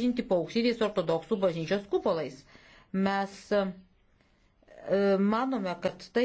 žinti paukštytais ortodoksų bažnyčios kupolais. Mes e, manome, kad tai